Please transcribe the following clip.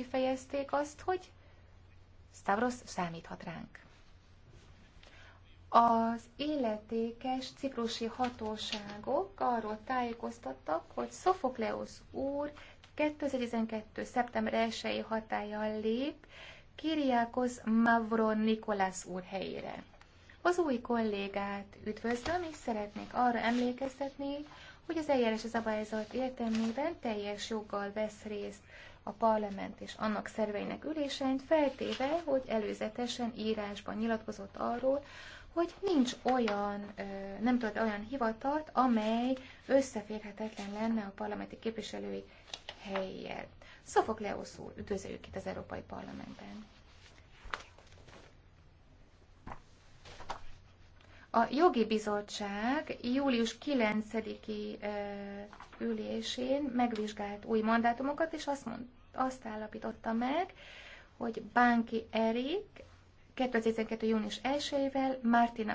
kifejezték azt, hogy Stavros számíthat ránk. Az életékes ciprusi hatóságok arról tájékoztattak, hogy Sofokleus úr 2012. szeptember 1-i hatállyal lép Kiriakos Mavron Nikolász úr helyére. Az új kollégát üdvözlöm, és szeretnék arra emlékeztetni, hogy az eljárás a szabályzat értelmében teljes joggal vesz részt a parlament és annak szerveinek ülésein, feltéve, hogy előzetesen írásban nyilatkozott arról, hogy nincs olyan, nem tudod olyan hivatalt, amely összeférhetetlen lenne a parlamenti képviselői helyjel. Szofok leoszul üdvözöljük itt az Európai Parlamentben! A jogi bizottság július 9-i ülésén megvizsgált új mandátumokat, és azt, mond, azt állapította meg, hogy Bánki Erik 2012. június 1-ével, Martina